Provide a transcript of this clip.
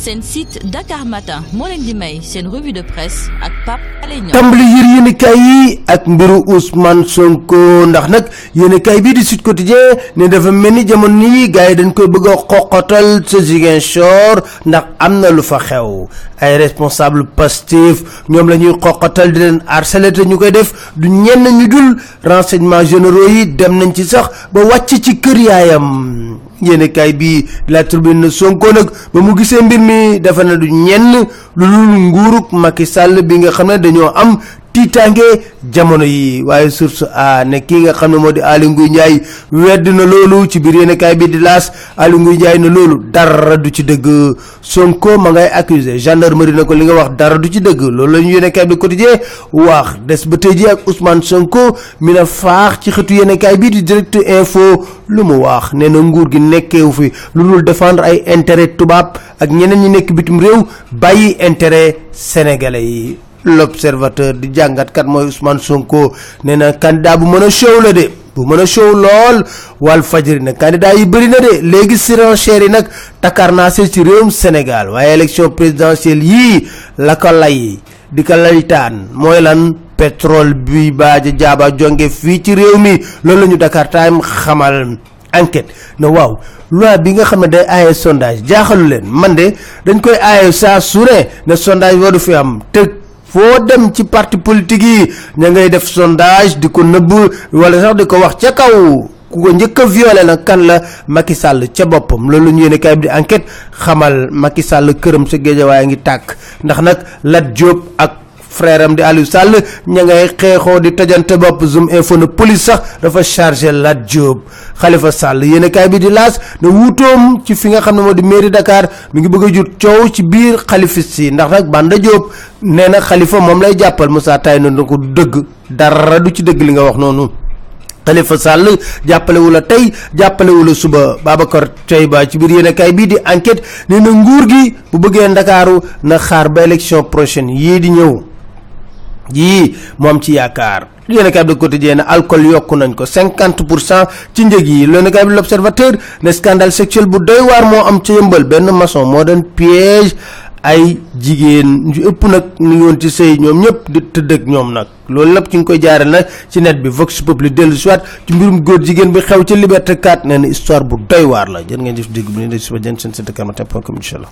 seen site Dakar Matin moo leen seen revue de presse ak Pape Alé Niang tàmbali yër yéenekaay yi ak mbiru Ousmane Sonko ndax nag yéenekaay bii di Sud Quotidien ne dafa mel ni jamono yi gars yi dañ koy bëgg a xoqatal sa Ziguinchor ndax am na lu fa xew ay responsable Pastef ñoom la ñuy xoqatal di leen harceler te ñu koy def du ñenn ñu dul renseignements généraux yi dem nañ ci sax ba wàcc ci kër yaayam yéenekaay bii La Tribune ne Sonko nag ba mu gisee mbir mi dafa na du ñenn lu dul nguurug Macky Sall bi nga xam ne dañoo am tiitaange jamono yi waaye source a ne kii nga xam ne moo di Aly Ngouille Ndiaye wedd na loolu ci biir yéenekaay bi di laas Aly Ngouille Ndiaye na loolu dara du ci dëgg Sonko ma ngay accusé gendarmerie na ko li nga wax dara du ci dëgg loolu la ñu yéenekaay bi di quotidien wax des ba tey ji ak Ousmane Sonko mi ne faax ci xëtu yéenekaay bi di direct info lu mu waax nee na nguur gi nekkeewu fi lu dul défendre ay intérêt tubaab ak ñeneen ñi nekk bitim réew bàyyi intérêt sénégalais yi l'observateur di jàngatkat mooy Ousmane Sonko nee na candidat bu mën a show la de bu mën a show lool wal fajri nag candidat yi bëri na de léegi surenchère yi nag takar naa se ci réewum Sénégal waaye élection présidentielle yii la ko lay di ko mooy lan pétrole bi baaja jaaba jonge fii ci réew mi loolu la ñu Dakar Time xamal enquête ne waaw loi bi nga xam ne day aaye sondage jaaxalu leen man de dañ koy aaye saa su ne ne sondage waru fi am te foo dem ci parti politique yi ña ngay def sondage di ko nëbb wala sax di ko wax ca kaw ku ko njëkk a violé nag kan la Macky sàll ca boppam loolu ñu yéene kay bi di enquête xamal Macky sàll këram sa géejawaay a ngi tàkk ndax nag Lat Diop ak freeram di Aliou Sall ña ngay xeexoo di tojante bopp zoom info na police sax dafa chargé Lat Diop Khalifa Sall yéen kaay bi di laas ne wuutoom ci fi nga xam ne moo di mairie Dakar mu ngi bëgg a jur coow ci biir xalifis yi ndax nag Banda Diop nee na Khalifa moom lay jàppal Moussa Taye na ko dëgg dara du ci dëgg li nga wax noonu. Khalifa Sall jàppalewu la tey jàppalewu la suba tey Thiayba ci biir yéenekaay bii di enquête nee na nguur gi bu bëggee ndakaaru na xaar ba élection yii di ñëw. yii moom ci yaakaar yéen kaay bi Le Quotidien ne alcool yokku nañ ko cinquante pour cent ci njëg yi yéen kaay bi L'Observateur ne scandale sexuel bu doy waar moo am ca yëmbal benn mason moo doon piège ay jigéen ñu ëpp nag ñu yoon ci sëy ñoom ñëpp di tëdd ak ñoom nag loolu lépp ci nga koy jaarale nag ci net bi Vox Populi dellu si waat ci mbirum góor jigéen bi xew ci Liberté 4 nee na histoire bu doy waar la jërë ngeen jëf dégg bu ne de jën seen site Karmatin point com